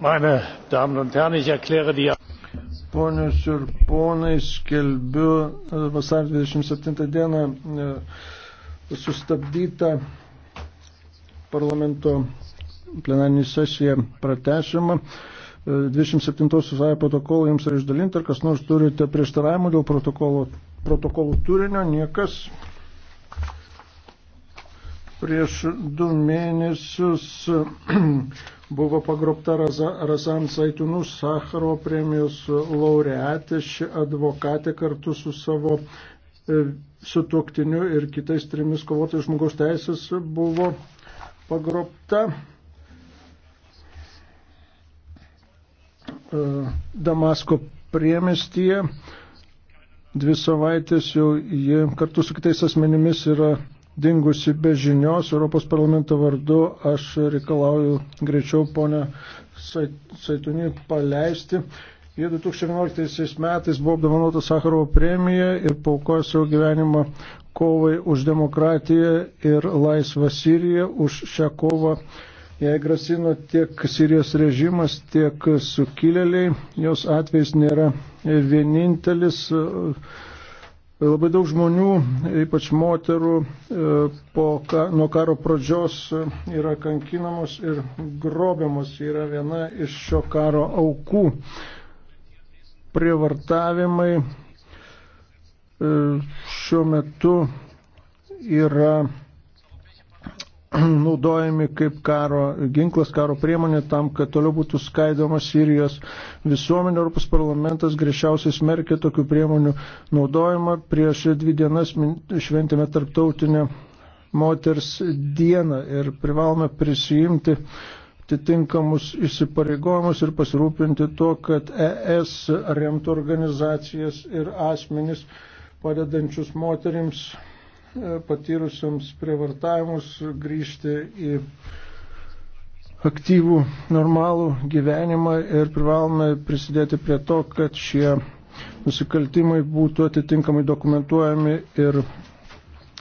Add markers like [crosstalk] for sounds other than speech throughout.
Meine Damen und Herren, ich erkläre die. Ponios ir ponai, skelbiu e, vasario 27 dieną e, sustabdytą parlamento plenarinį sesiją pratešimą. E, 27 susajo protokolą jums yra išdalinti, ar kas nors turite prieštaravimų dėl protokolo, protokolų turinio, niekas. Prieš du mėnesius buvo pagrobta Razan Saitunų Sakaro premijos laureatė, ši advokatė kartu su savo e, su tuoktiniu ir kitais trimis kovotojais žmogaus teisės buvo pagrobta. E, Damasko priemestyje dvi savaitės jau jie kartu su kitais asmenimis yra dingusi be žinios. Europos parlamento vardu aš reikalauju greičiau ponę Saitunį paleisti. Jie 2011 metais buvo apdovanota Sakarovo premija ir paukojo savo gyvenimą kovai už demokratiją ir laisvą Siriją. Už šią kovą jai grasino tiek Sirijos režimas, tiek sukilėliai. Jos atvejs nėra vienintelis. Uh, Labai daug žmonių, ypač moterų, e, po, nuo karo pradžios e, yra kankinamos ir grobiamos, yra viena iš šio karo aukų. Prievartavimai e, šiuo metu yra [clears throat] naudojami kaip karo ginklas, karo priemonė tam, kad toliau būtų skaidoma Sirijos visuomenė. Europos parlamentas griežčiausiai smerkė tokių priemonių naudojimą. Prieš dvi dienas šventėme tarptautinę moters dieną ir privalome prisijimti atitinkamus įsipareigojimus ir pasirūpinti to, kad ES remtų organizacijas ir asmenis padedančius moterims patyrusiams prievartavimus grįžti į aktyvų normalų gyvenimą ir privalome prisidėti prie to, kad šie nusikaltimai būtų atitinkamai dokumentuojami ir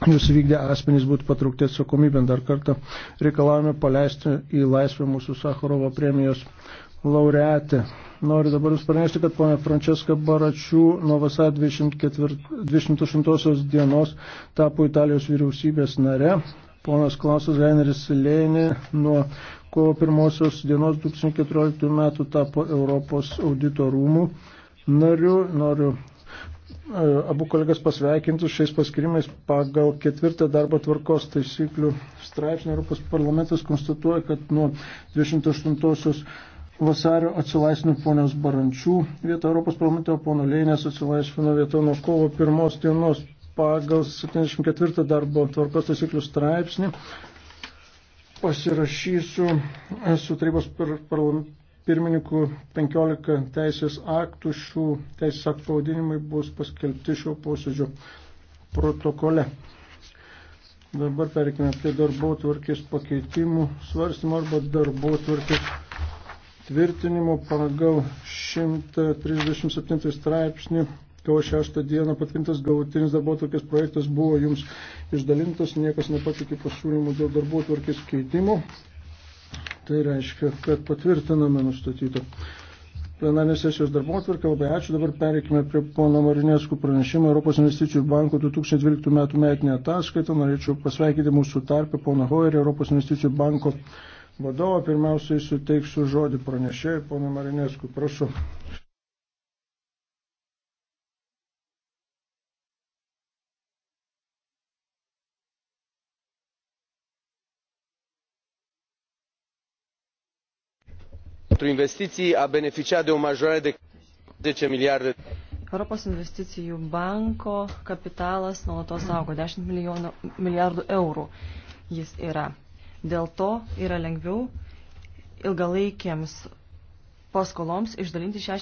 jūs vykdę asmenys būtų patraukti atsakomybėn. Dar kartą reikalavome paleisti į laisvę mūsų Sakharovo premijos laureatę. Noriu dabar Jums pranešti, kad ponia Franceska Baračių nuo vasario 28 dienos tapo Italijos vyriausybės nare. Ponas Klausas Heineris Lėnė nuo kovo pirmosios dienos 2014 metų tapo Europos audito rūmų nariu. Noriu e, abu kolegas pasveikinti šiais paskirimais pagal ketvirtą darbo tvarkos taisyklių straipsnį Europos parlamentas konstatuoja, kad nuo 28 vasario atsilaisvino ponios Barančių vietą Europos parlamente, o pono Lėnės atsilaisvino vietą nuo kovo pirmos dienos pagal 74 darbo tvarkos taisyklių straipsnį. Pasirašysiu su tarybos par, par, pirmininku 15 teisės aktų, šių teisės aktų pavadinimai bus paskelbti šio posėdžio protokole. Dabar perkime prie darbo tvarkės pakeitimų svarstymo arba darbo tvarkės tvirtinimo pagal 137 straipsnį. Kovo 6 dieną patvirtintas galutinis darbotvarkės projektas buvo jums išdalintas, niekas nepatikė pasiūlymų dėl darbotvarkės keitimo. Tai reiškia, kad patvirtiname nustatytą plenarinės sesijos darbotvarkę. Labai ačiū. Dabar pereikime prie pono Marinėskų pranešimo Europos investicijų banko 2012 metų metinė ataskaita. Norėčiau pasveikyti mūsų tarpę pono Hoerį, Europos investicijų banko vadovą. Pirmiausiai suteiksiu žodį pranešėjai, ponui Marineskui. Prašau. Pentru investiții a beneficiat de o majorare de 10 miliarde. Europos investicijų banko kapitalas nuolatos augo 10 milijonų, milijardų eurų. Jis yra Dėl to yra lengviau ilgalaikiams paskoloms išdalinti 60.